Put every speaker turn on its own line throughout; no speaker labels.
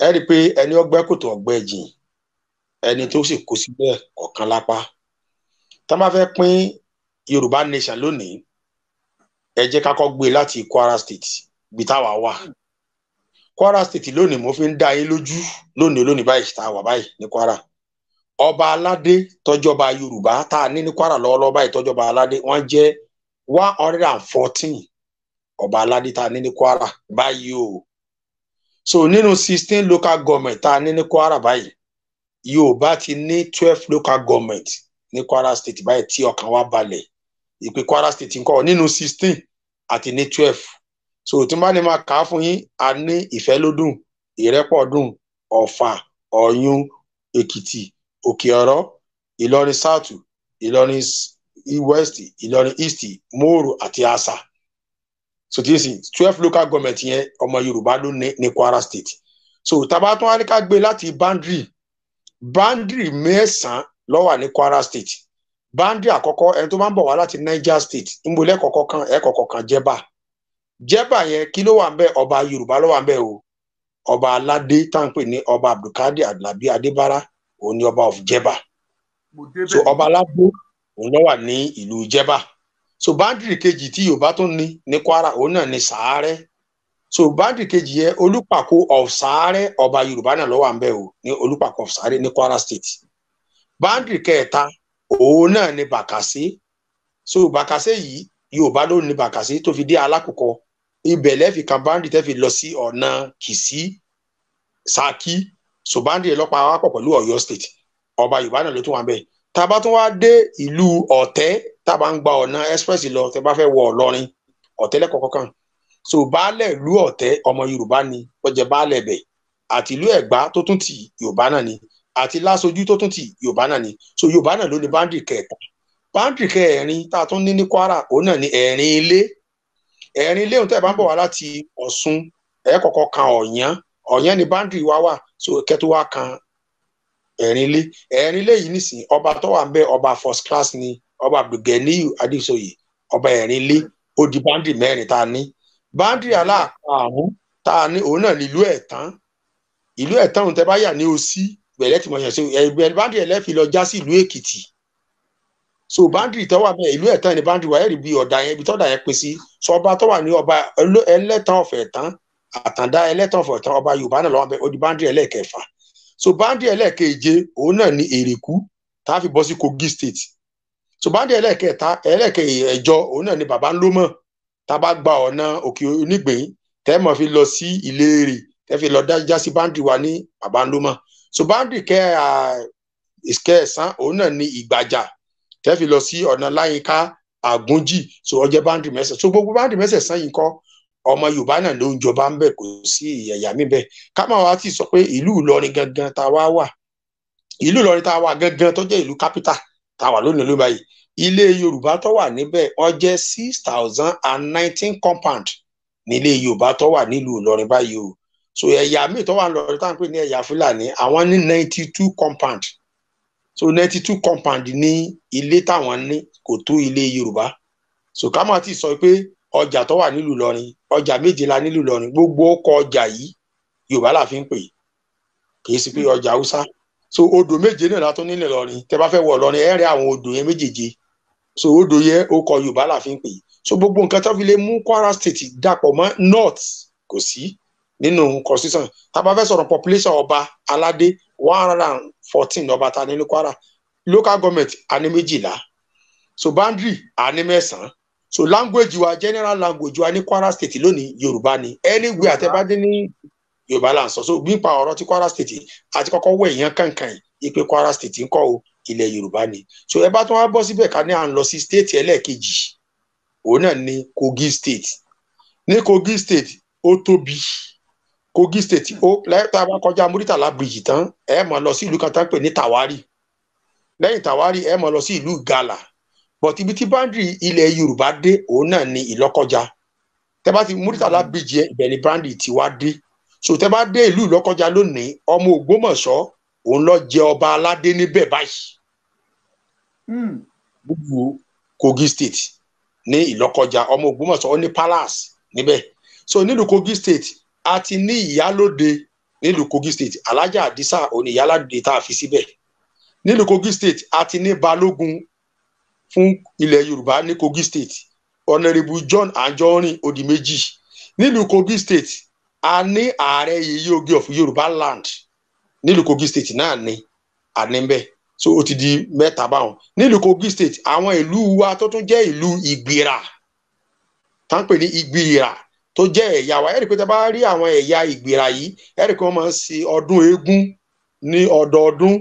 ẹ rí i pé ẹni ọgbẹ́ kòtò ọgbẹ́ jìn ẹni tó sì kó síbẹ̀ ọ̀kan lápá tá a máa fẹ́ pín yorùbá nation lónìí ẹ jẹ́ ká kọ́ gbé e láti kwara state bí táwa wà kwara state lónìí mo fi ń dá yín lójú lónìí lónìí báyìí tá a wà báyìí ní kwara ọba aládé tọjọba yorùbá tá a ní ní kwara lọ́wọ́lọ́wọ́ báyìí tọjọba aládé wọ́n jẹ́ one hundred and fourteen ọba aládé tá a ní ní kwara báyìí o so nínú sixteen local government tá a ní ní Kwara báyìí Yorùbá ti ní twelve local government ní Kwara state báyìí tí ọkàn wa balẹ̀ ìpè Kwara state ńkọ́ nínú sixteen àti ní twelve so tí n bá ní máa kà á fún yín a ní Ìfẹ́lódùn Ìrẹ́pọ̀dùn Ọ̀fà Ọ̀yún Èkìtì Òkè Ọ̀rọ̀ Ìlọrin south Ìlọrin west Ìlọrin east Mòrò àti Àṣà so ti sìn twelve local government yẹn ọmọ Yorùbá ló ní ní Kwara state so tàbá tún wá gbé láti boundary boundary mẹ́sàn-án ló wà ní Kwara state boundary àkọ́kọ́ ẹni tó máa ń bọ̀ wá láti Niger state ńbọlẹ́ kọ̀ọ̀kan kan ẹ̀ kọ̀ọ̀kan kan jẹ́bà jẹ́bà yẹn kí ló wà ń bẹ̀ ọba Yorùbá ló wà ń bẹ̀ o ọba aládé tá à ń pè ní ọba Abdulkadir Adlabi Adébárà òun ni ọba of jẹ́bà so ọba aládé òun ló ní ìlú jẹ́bà so boundary kejì tí yorùbá tó ní ní kwara òun náà ní sàárẹ so boundary kejì yẹ olùpàkó of sàárẹ ọba yorùbá náà ló wà ńbẹ̀ o ní olùpàkó of sàárẹ ní kwara state boundary kẹta òun náà ní bàkàsé so bàkàsé yìí yorùbá ló ní bàkàsé tó fi dé alákòókò ibẹ̀ lẹ́fì kan boundary tẹ́fì lọ sí ọ̀nà kìsí saki so boundary lọ́pàá wà pọ̀ pẹ̀lú ọ̀yọ́ state ọba yorùbá náà ló tún wà ńbẹ̀ tá a bá tún wá dé ìlú ọ̀tẹ́ tá a bá ń gba ọ̀nà express lọ tẹ bá fẹ́ wọ ọlọrin ọ̀tẹ́ lẹ́kọ̀ọ́ kan so baálẹ̀ ìlú ọ̀tẹ́ ọmọ yorùbá ni ọjẹ́ baálẹ̀ bẹ̀ àti ìlú ẹ̀gbá tó tún ti yorùbá náà ni àti lásojú tó tún ti yorùbá náà ni so yorùbá náà ló ní báńdì kẹta báńdì kẹrin tá a tún ní ní kwara òun náà ni ẹ̀rin ilé ẹ̀rin ilé òun tẹ́ ẹ̀ bá ń bọ̀ wá láti ọ̀ṣun ẹ̀ kọ̀kọ́ kan ọ̀yán ọ̀yán ni báńdì wa wà so kẹ́tù wa kan ẹ̀rin ilé ẹ̀rin ilé yìí nìsín ọba tó wà ń bẹ ọba first class ni ọba abdulganiyu adéṣoyè ọba ẹ̀rin lé ó di báńdì mẹ́rin tá a ní báńdì aláàkàrún tá a ní òun náà ní ìlú ẹ̀tán ìlú ẹ̀tán òun tẹ́ bá yà ní osí bẹ̀rẹ̀ tí mo ṣẹ̀ ṣe ẹ̀gbẹ́ báńdì ẹlẹ́fì lọ já sí ìlú èkìtì so báńdì tó wà bẹ́ẹ̀ ìlú ẹ̀tán ni báńdì wà ẹ̀rí bí ọ̀dà yẹn ibi tọ́dà yẹn pín sí so ọba tó wà ní ọba ẹlẹ́tàn ọ̀fẹ́ tán àtàndá ẹlẹ́tàn ọ̀fẹ́ tán ọba yorùbá náà lọ́wọ́ bẹ́ẹ̀ ó di báńdì ẹlẹ́kẹfà so báńdì ẹlẹ́keje òun náà ni èrèkú tá a fi bọ́ sí kogi state ṣùgbọ́n ẹlẹ́kẹta ẹlẹ́kẹjọ òun náà ni bàbá ń ló mọ̀ tá a bá gba ọ̀nà òkè onígbìn tẹ́ mọ̀ fi lọ sí ìlérè tẹ́ fi lọ dájá sí báńdì wa ní bàbá ń ló mọ̀ ṣùgbọ́n báńdì kẹsàn-án òun náà ni ìgbàjà tẹ́ fi lọ sí ọ̀nà láyínká àgúnjì so ọjẹ́ báńdì mẹ́sàn-án so gbogbo báńdì mẹ́sàn-án yìí kọ́ ọmọ yorùbá náà ló ń jọba ń bẹ kò sí ẹ̀yà mi bẹ́ẹ̀ ká máa ti sọ pé ìlú ìlọrin gangan tá a wá wà ìlú ìlọrin tá a wà gangan tó jẹ́ ìlú kápítà tá a wà lónìí ló báyìí ilé yorùbá tó wà níbẹ̀ ó six thousand and nineteen compound nílé yorùbá tó wà nílùú ìlọrin báyìí o so ẹ̀yà míì tó wà lọ́rin tá à ń pè ní ẹ̀yà fúlàní àwọn ní ninety two compound so ninety two compound ní ilé táwọn ní kò tó ilé yorùbá so ká ti sọ pé ọjà tó wà nílùú ìlọrin ọjà méje la nílùú ìlọrin gbogbo ọkọ ọjà yìí yorùbá la fi ń pè kì í sí pé ọjà haúsá. Mm -hmm so odò méje náà la tún nílẹ̀ lọ́rin tẹ́ bá fẹ́ wọ̀ lọ́rin ẹ̀rẹ́ àwọn odò yẹn méjèèje so odò yẹn ó kọ yorùbá la fi pè so gbogbo nǹkan tó fi lè mú kwara state dàpọ̀ mọ́ north kò sí nínú constitution tá bá fẹ́ sọ̀rọ̀ population ọba aládé one hundred and fourteen ọba ta ní kwara local government a ní méjìlá so boundary a mẹ́sàn-án so language wa general language wa ní kwara state lónìí yorùbá ni anywhere tẹ́ bá dé ní yorùbá là ń sọ so gbípa ọ̀rọ̀ ti kwara state àti kọ́kọ́ wọ èèyàn kankan ipe kwara state ń kọ́ o ilẹ̀ yorùbá ni so ẹ bá tún wá bọ́ síbẹ̀ ká ní à ń lọ sí state ẹlẹ́ẹ̀kejì òun náà ni kogi state ní kogi state ó tóbi kogi state ó lẹ́yìn bá kọjá muritala bridge tán ẹ mọ̀ lọ sí ìlú kan tán pè ní tawari lẹ́yìn tawari ẹ mọ̀ lọ sí ìlú gala but ibi tí boundary ilẹ̀ yorùbá dé òun náà ni ìlọ́kọjá tẹ bá ti muritala bridge yẹn ibẹ̀ ni boundary ti wá dé sòtẹ́ bá dé ìlú Ìlọ́kọjá lónìí ọmọ Ògbómọ̀ṣọ́ òun lọ jẹ ọba aládé níbẹ̀ báyìí hmm. gbogbo Kogi State ní Ìlọ́kọjá ọmọ Ògbómọ̀ṣọ́ ó ní palace níbẹ̀ so nílùú Kogi State a ti ní ìyálóde nílùú Kogi State Alájà Àdísà òun ìyálóde tá a fi síbẹ̀ nílùú Kogi State a ti ní balógun fún ilẹ̀ Yorùbá ní Kogi State Honorable John Anjorin Odi Méjì nílùú Kogi State a ní ààrẹ yèyé oge of yorùbá land nílùú kogi state náà ni àníbẹ̀ so ó ti di mẹ́ta báwọn nílùú kogi state àwọn ìlú wa tó tún jẹ́ ìlú ìgbìrà tá ń pè ní ìgbìrà tó jẹ́ ẹ̀yà wa ẹ̀rí pé tá a bá rí àwọn ẹ̀yà ìgbìrà yìí ẹ̀rí pé wọ́n máa ń ṣe ọdún eégún ní ọdọọdún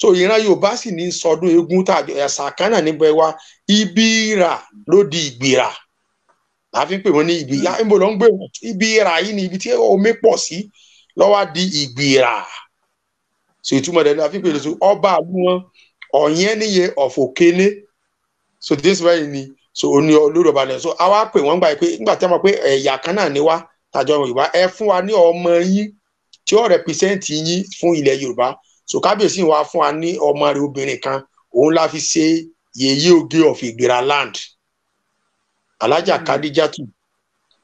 so ìran yorùbá sì ní sọdún eégún tàbí ẹ̀sà kan náà níbẹ̀ wa ìbìrà ló di ìgbìrà láfi ń pè wọ́n ní ìgbìyà níbo ló ń gbé wọn ibi ìrà yìí ni ibi tí omi pọ̀ sí lọ́wọ́ di ìgbìrà so ìtumọ̀ dẹ̀ ní àfi ń pè lóṣù ọba àlú wọn ọ̀yẹ́ níye ọ̀fọ̀ kéne so this way ni so oní olórí ọba lẹ́yìn so àwa pè wọ́n gbà pé nígbà tí a mọ̀ pé ẹ̀yà kan náà ni wá tàjọ yorùbá ẹ fún wa ní ọmọ yín tí ó rẹpìsẹ́ǹtì yín fún ilẹ̀ yorùbá so kábíyèsí wa fún wa ní ọmọ rẹ obìnrin kan òun la ṣe yèyé oge of ìgbéra land alájà hmm. kadijatu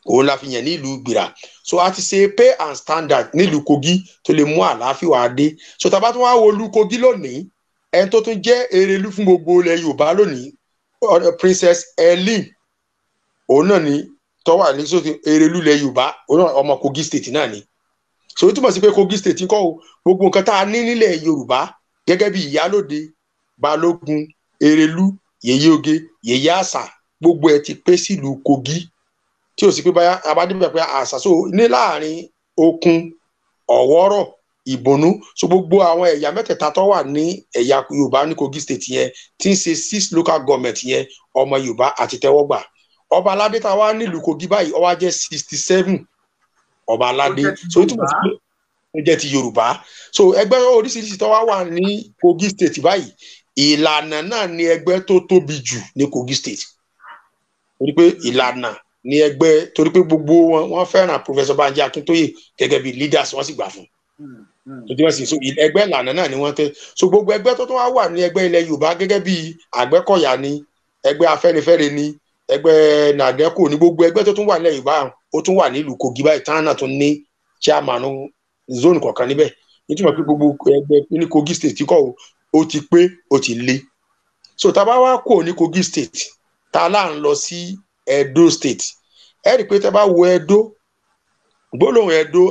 òun la fi yàn nílùú gbìrà so a ti ṣe pay and standard nílùú kogi tó lè mú àlàáfíà wá dé so tàbá tó wá wo lu kogi lónìí ẹni tó tún jẹ́ erelú fún gbogbo ilẹ̀ yorùbá lónìí princess ellen òun náà ni tọ́wà ní sóti erelú ilẹ̀ yorùbá òun náà ọmọ kogi state náà ni so túmọ̀ sí pé kogi state ń kọ́ o gbogbo nǹkan tá a ní nílẹ̀ yorùbá gẹ́gẹ́ bí ìyálóde balógun erelú yèyé oge yèyé àṣà gbogbo ẹ̀ ti pé sílùú Kogi tí ò sí pé báyà abádébẹ̀ pé àṣàṣò ní láàrin okun ọ̀wọ́rọ̀ ìbònú so gbogbo àwọn ẹ̀yà mẹ́tẹ̀ẹ̀ta tó wà ní ẹ̀yà Yorùbá ní Kogi state yẹn tí ń ṣe six local government yẹn ọmọ Yorùbá àti tẹ́wọ́gbà ọba aládé tá a wá nílùú Kogi báyìí ó wá sixty seven ọba aládé so ó túbọ̀ sí pé ó jẹ́ ti Yorùbá so ẹgbẹ́ oríṣiríṣi tó wá wà ní Kogi state báyìí ìlànà náà ni ẹgbẹ́ tó tóbi jù ní Kogi state torí pé ìlànà ní ẹgbẹ́ torí pé gbogbo wọn wọ́n fẹ́ràn professor Banji Akintoye gẹ́gẹ́ bí leaders wọ́n sì gbà fún tó dín wọn sì so ẹgbẹ́ ìlànà náà ni wọ́n tẹ́ so gbogbo ẹgbẹ́ tó tún wá wà ní ẹgbẹ́ ilẹ̀ Yorùbá gẹ́gẹ́ bí Àgbẹ̀kọ̀yà ni ẹgbẹ́ Afẹ́nifẹ́re ni ẹgbẹ́ nàdẹkù ní gbogbo ẹgbẹ́ tó tún wà ní ilẹ̀ Yorùbá ó tún wà nílùú Kogi báyìí tánà tó ní chairman zone kọ̀ọ̀kan níbẹ̀ nítorí pé gbogbo ẹgbẹ́ ní Kogi state kọ́ ó ti pé ó ti le so tá a bá wá kó ní Kogi state tá a láà ń lọ sí Edo State ẹ rí i pé tẹ́ bá wo Edo gbólóhùn Edo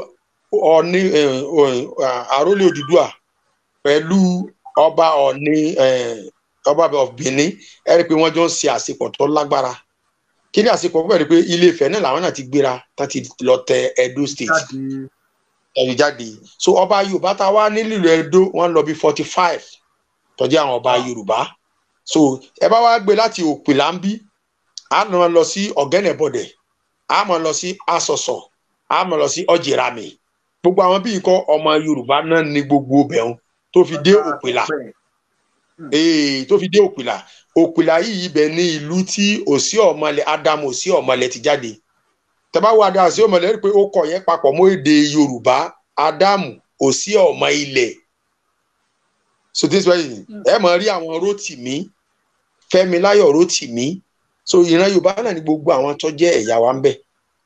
Ọ̀ni àrólé Odùduwà pẹ̀lú ọba Ọ̀ni ọba of Benin ẹ rí i pé wọ́n jọ ń ṣe àṣepọ̀ tó lágbára kí ni àṣepọ̀ púpọ̀ rí pé ilé Ifẹ̀ náà làwọn náà ti gbéra tá ti lọ tẹ Edo State ẹ̀rì jáde so ọba Yorùbá tá a wá nílùú Edo wọ́n lọ bí forty five tó jẹ́ àwọn ọba ah. Yorùbá. Ah so ẹ bá wá gbé láti òpìlà ń a máa lọ sí ọ̀gẹ́nẹ̀bọ̀dẹ̀ a máa lọ sí asọ̀sọ̀ a máa lọ sí ọ̀jẹ̀rami gbogbo àwọn bí ikọ̀ ọmọ yorùbá náà ní gbogbo bẹ̀rùn tó fi dé òpìlà tó fi dé òpìlà òpìlà yìí ibẹ̀ ní ìlú tí òsì ọ̀mọlẹ̀ adamu òsì ọ̀mọlẹ̀ ti jáde tẹ́bá wo adamu òsì ọ̀mọlẹ̀ rí i pé ó kọ̀ yẹn papọ̀ mọ́ èdè yorùbá adamu òsì ọ̀mọ ilẹ̀ so this way mm. ẹ mọ̀ rí àwọn rótìmí Kẹ́mi Láyọ̀ Rótìmí so ìran Yorùbá náà ni gbogbo àwọn tó jẹ́ ẹ̀yà wa ń bẹ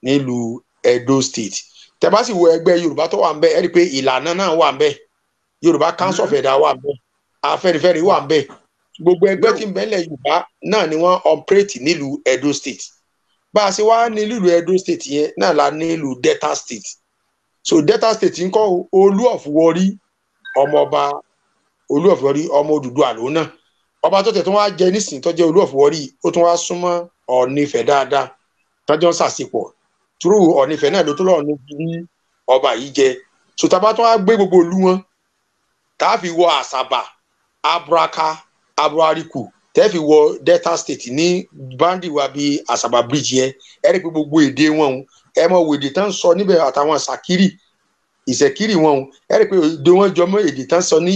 nílùú Edo State tẹ́ bá sì wo ẹgbẹ́ Yorùbá tó wà ń bẹ ẹ rí i pé ìlànà náà wà ń bẹ Yorùbá Council of Ẹ̀dá wà ń bẹ Afẹ́nifẹ́re wà ń bẹ gbogbo ẹgbẹ́ tí ń bẹ Yorùbá náà ni wọ́n operate nílùú Edo State bá a ṣe wá nílùú Edo State yẹn náà la nílùú Delta State so Delta State ń kọ́ Olú of Warri ọmọọba Olú of Warri ọmọ Odùduwà lòun náà ọba tó tẹ̀ tó wá jẹ nísìnyí tó jẹ́ Olú of Warri ó tún wá súnmọ́ Ọọ̀ni Ifẹ̀ dáadáa tájọ́ ń sàṣepọ̀ túrú Ọọ̀ni Ifẹ̀ náà ló tó lọ́ọ̀ni fi ní ọba yìí jẹ sòtaba tó wá gbé gbogbo ìlú wọn tá a fi wọ Àṣàbà Abraka Abuariku tẹ́ fi wọ Delta State ní bandi wa bíi Àṣàbà bridge yẹn ẹ rí i pé gbogbo èdè wọn ẹ mọ wèdè tán sọ níbẹ̀ àtàwọn sàkírì ìṣẹ̀kírì wọn ẹ rí i pé èdè wọn jọmọ́ èdè tán sọ ní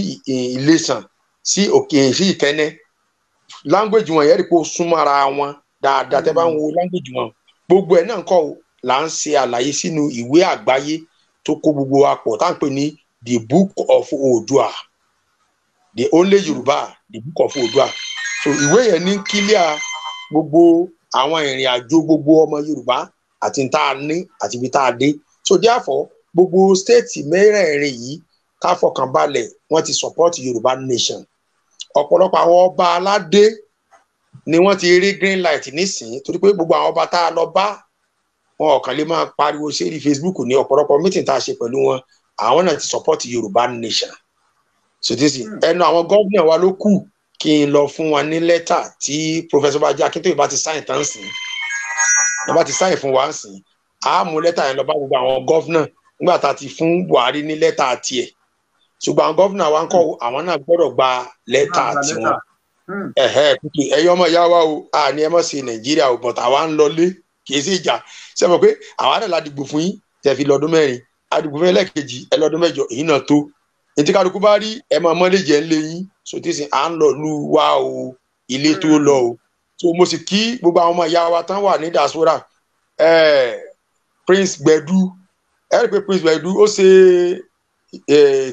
Iléṣàn sí òkè sí Ìkẹ́nẹ́ language wọn yẹn rí pé ó súnmọ́ ara wọn dáadáa tẹ́ bá ń wo language wọn gbogbo ẹ̀ náà ń kọ́ là ń ṣe àlàyé sínú ìwé àgbáyé tó kó gbogbo wa pọ̀ tá à ń pè ní the book of Oòduà the only Yorùbá the book of Oòduà so ìwé yẹn ní kílíà gbogbo àwọn ìrìn àjò gbogbo ọmọ Yorùbá àti tá a ní àti ibi tá a dé so therefore gbogbo stéètì mẹ́rẹ̀ẹ̀rin yìí ká fọkàn ti support Yorùbá nation ọ̀pọ̀lọpọ̀ àwọn ọba aládé ni wọ́n ti rí green light nísìnyí torí pé gbogbo àwọn ọba tá a lọ bá wọn ọ̀kan lè máa pariwo sérí Facebook ní ọ̀pọ̀lọpọ̀ meeting tá a ṣe pẹ̀lú wọn àwọn náà ti support Yorùbá nation sotisi hmm. ẹnu àwọn gómìnà wa ló kù kí n lọ fún wa ní lẹ́tà tí Professor Bájí Akíntóyè bá ti sáyìn tán sí i bá ti sáyìn fún wa sí i a mú lẹ́tà yẹn lọ bá gbogbo àwọn gómìnà nígbà tá a ti fún Buhari ní lẹ́tà tiẹ̀ ṣùgbọ́n àwọn gọ́vnà wa ń kọ́ hmm. àwọn náà gbọ́dọ̀ gba lẹ́tà ah, tiwọn hmm. ẹ̀yọ́ ọmọ ìyá wa o àní ẹ mọ̀ sí nàìjíríà o bọ̀tà wa ń lọlé kì í sí ìjà ṣe mọ̀ pé àwọn àdàlà dìgbò fún yín tẹ̀ fi lọ́dún mẹ́rin àdìgbò fún ẹlẹ́kejì ẹlọ́dún mẹ́jọ èyí náà tó ètí kálukú bá rí ẹ máa mọ́lé jẹ́ ń lé yín sòtísìn à ń lọ lù wá o ilé tó hmm. lọ o so mo sì kí gbogbo àwọn ọmọ ìyá wa tán wà ní dasora eh, Prince Gbedu ẹ rí pé Prince Gbedu ó ṣe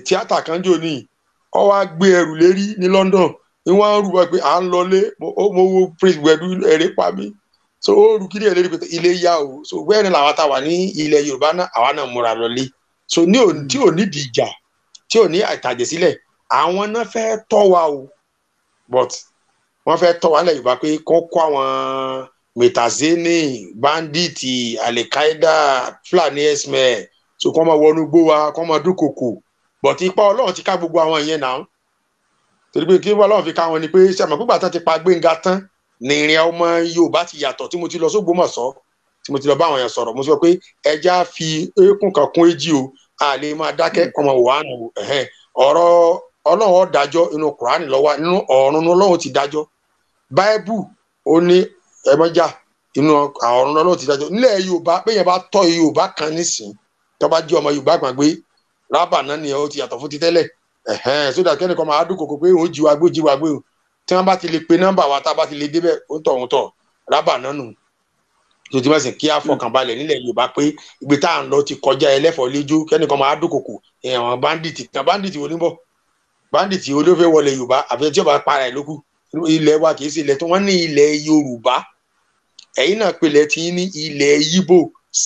tíátà kan jò ní ọ wá gbé ẹrù lérí ní London ni wọ́n rú wa pé à ń lọlé mo wo praise gbẹdú eré pa mí so ó rú kíni ẹlẹ́rìí pé ilé yá o so bẹ́ẹ̀ làwọn ta wà ní ilẹ̀ Yorùbá náà àwa náà múra lọlé so ní òní tí ò ní di ìjà tí ò ní àtàjẹ̀ sílẹ̀ àwọn náà fẹ́ tọ́ wa o but wọ́n fẹ́ tọ́ wa nílẹ̀ Yorùbá pé kó kó àwọn mẹtazeni banditi alikaida Fulani esmer so kọ́ máa wọnú gbó wa kọ́ máa dúnkòkò bọ̀tí ipa ọlọ́run ti ká gbogbo àwọn yẹn náà torí pé kí ọlọ́run fi ká wọn ni pé sẹ́mi pípa tán ti pa gbẹ̀ngà tán ní ìrìn ọmọ yorùbá ti yàtọ̀ tí mo ti lọ sógbómọ̀ṣọ́ tí mo ti lọ bá àwọn yẹn sọ̀rọ̀ mo sọ pé ẹja fi eékún kan kún èjì o a lè máa dákẹ́ ọmọ wàhánu ọ̀rọ̀ ọlọ́run ó dájọ́ inú kùránì lọ́wọ́ inú ọ̀run ọlọ́run ti dájọ́ báíbù ó ní ẹmọ́jà inú ọ̀run ọlọ́run ti dájọ́ nílẹ̀ yorùbá pé yẹn bá tọ́ yorùbá kan nísìnyí tọ́ba jí ọmọ yorùbá kan gbé rábà náà ni ó ti yàtọ̀ fún ti tẹ́lẹ̀ ẹ̀hẹ́n sódà kẹ́ni kan máa dúnkòkò pé ó jí wa gbé jí wa gbé o tí wọ́n bá ti lè pe nọ́mbà wa tá a bá ti lè débẹ̀ ó ń tọ̀ ń tọ̀ rábà náà nù tó ti mẹ́sìn kí á hmm. fọkàn balẹ̀ nílẹ̀ yorùbá pé ibi tá à ń lọ ti kọjá ẹlẹ́fọ̀ léjú kẹ́ni kan máa dúnkòkò ẹ̀wọ̀n báńdìtì kan báńdìtì oníbọ̀ báńdìtì olófẹ́ wọlé yorùbá àfi tí ó para ẹ̀ lókù ilẹ̀ wa kì í ṣe ilẹ̀ tó wọ́n ní ilẹ̀ yorùbá ẹ̀yin náà pilẹ̀ ti ní ilẹ̀ yíbò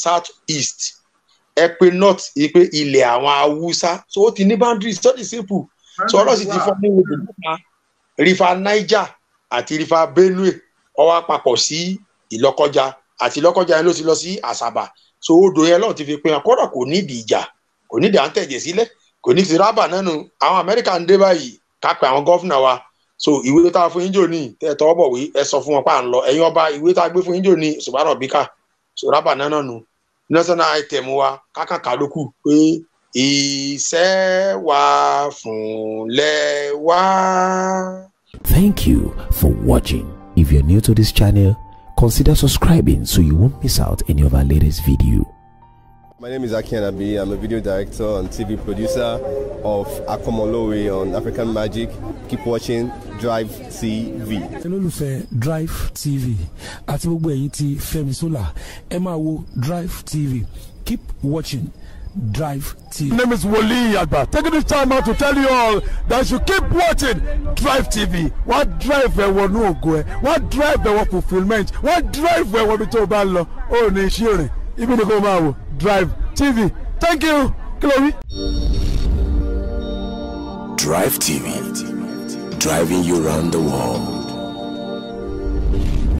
south east ẹpẹ north ìpè ilẹ̀ àwọn haúsá so ó ti ní boundaries so it's simple so ọ̀rọ̀ sì ti fọ́ ní odò nípa rifa niger àti rifa benue ó wá papọ̀ sí ìlọ́kọjá àti ìlọ́kọjá yẹn ló ti lọ sí àsàbà so odò yẹn lọ́run ti fi pín akọ́dọ̀ kò nídìí ìjà kò nídìí à ń tẹ̀jẹ̀ sílẹ̀ kò ní ti rábà nánu àwọn amẹ́ríkà ń dé báyìí kápẹ́ àwọn gọ́fìnà wa so ìwé tá a fún yín jò ní tẹ́ ẹ tọwọ́ bọ̀wé ẹ sọ fún wọn pa à ń lọ ẹ̀yin ọba ìwé tá a gbé fún yín jò ní ṣùgbọ́n àrọ̀bíkà so rábà nánu national item wa kákàkà ló kù pé iṣẹ́ wa fúnlẹ̀ wá. Thank you for watching. If you're new to this channel, consider subscribing so you won't miss out any of our latest videos. My name is Aki Anabi. I'm a video director and TV producer of Akomolowe on African Magic. Keep watching Drive TV. olólùfẹ́ Drive TV Ati gbogbo ẹ̀yin ti Fẹ́mi Sola ẹ Drive TV. Keep watching Drive TV. My name is Wole Agba. Taking this time out to tell you all that you keep watching Drive TV. What drive ẹ̀wọ̀n ní ògo ẹ̀, What drive ẹ̀wọ̀n fulfilment, What drive ẹ̀wọ̀n ní tó o bá lọ, ó ní ibi ni kò máa drive tv thank you Chloe. drive tv driving you round the world.